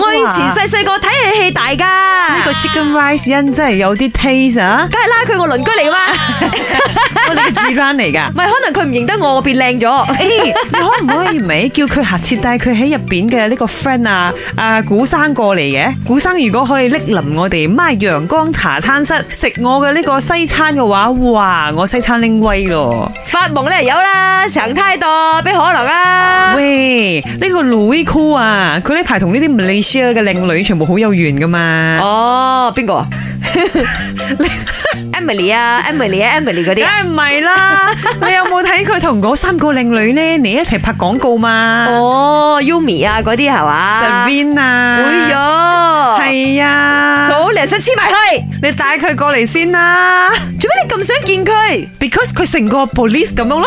我以前細細個睇戲戲大噶，呢個 Chicken Rice 因真係有啲 taste 啊！梗係拉佢我鄰居嚟噶，我哋住翻嚟噶。唔係可能佢唔認得我，我變靚咗。誒，可唔可以咪叫佢下次帶佢喺入邊嘅呢個 friend 啊啊古生過嚟嘅古生？如果可以拎臨我哋 my 陽光茶餐室食我嘅呢個西餐嘅話，哇！我西餐拎威咯，發夢咧有啦，想太多，邊可能啊？喂，呢個 Louis Koo 啊，佢呢排同呢啲唔理。share 嘅靚女全部好有緣噶嘛？哦，邊個？Emily 啊，Emily 啊，Emily 嗰啲？梗係唔係啦！你有冇睇佢同嗰三個靚女咧？你一齊拍廣告嘛？哦，Yumi 啊，嗰啲係嘛？Tevin 啊？哎呀，係呀！好，你想黐埋佢，你帶佢過嚟先啦。做咩你咁想見佢？Because 佢成個 police 咁樣咯。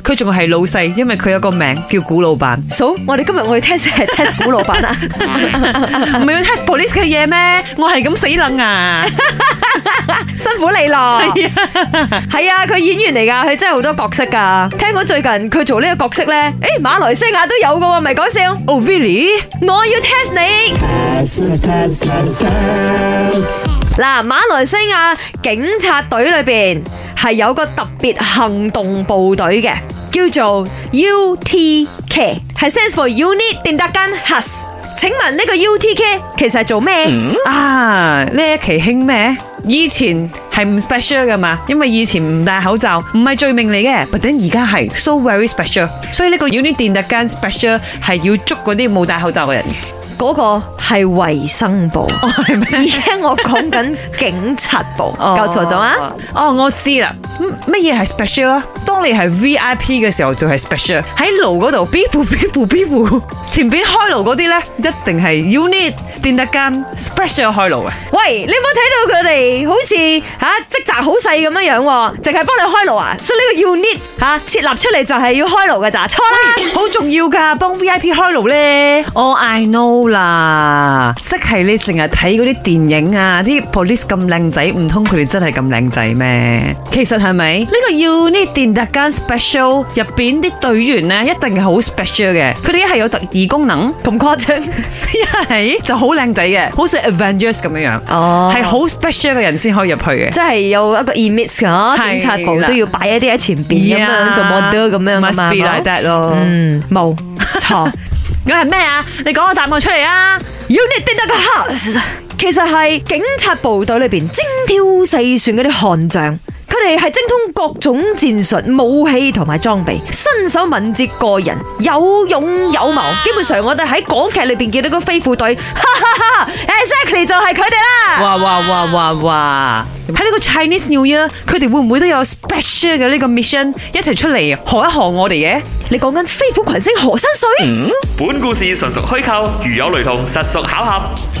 佢仲係老細，因為佢有個名叫古老闆。嫂我哋今日我要 test 係 test 古老闆啊，唔係要 test police 嘅嘢咩？我係咁死愣啊，辛苦你咯。係啊，佢演員嚟噶，佢真係好多角色噶。聽講最近佢做呢個角色咧，誒，馬來西亞都有噶喎，唔係講笑。Oh Willie，我要 test 你。嗱，馬來西亞警察隊裏面係有個特別行動部隊嘅，叫做 U T K，係 stands for Unit Tindakan Khas。Ass, 請問呢個 U T K 其實是做咩、嗯、啊？呢一期興咩？以前係唔 special 㗎嘛，因為以前唔戴口罩唔係罪名嚟嘅，但係而家係 so very special，所以呢個醫院電特間 special 係要捉嗰啲冇戴口罩嘅人，嗰個係衛生部，而家、哦、我講緊警察部，搞錯咗啊，哦我知啦。乜嘢係 special 啊？當你係 V I P 嘅時候就係、是、special。喺爐嗰度，before before before，前邊開爐嗰啲咧一定係 unit，墊得間 special 開爐啊，喂，你有冇睇到佢哋好似吓職責好細咁樣樣？淨係幫你開爐啊？所以呢個 unit 吓、啊、設立出嚟就係要開爐嘅咋？錯啦，好重要噶，幫 V I P 開爐咧。All、oh, I know 啦，即係你成日睇嗰啲電影啊，啲 police 咁靚仔，唔通佢哋真係咁靚仔咩？其實吓。係咪呢個《Unique 特間 Special》入邊啲隊員咧，一定係好 special 嘅。佢哋一係有特異功能，咁誇張一係就好靚仔嘅，好似 Avengers 咁樣樣哦，係好 special 嘅人先可以入去嘅。即係有一個 emit 嘅警察部都要擺一啲喺前邊咁樣做 model 咁樣噶嘛。Yeah, must be like that 咯，嗯冇錯。佢係咩啊？你講個答案出嚟啊！Unique 特間 Special 其實係警察部隊裏邊精挑細選嗰啲悍將。係精通各種戰術武器同埋裝備，身手敏捷過人，有勇有謀。哇 基本上我哋喺港劇裏邊見到個飛虎隊，哈哈，哈，哈 Exactly 就係佢哋啦！哇哇哇哇哇！喺呢個 Chinese New Year，佢哋會唔會都有 special 嘅呢個 mission 一齊出嚟啊？學一學我哋嘅？你講緊飛虎群星何山水？嗯、本故事純屬虛構，如有雷同，實屬巧合。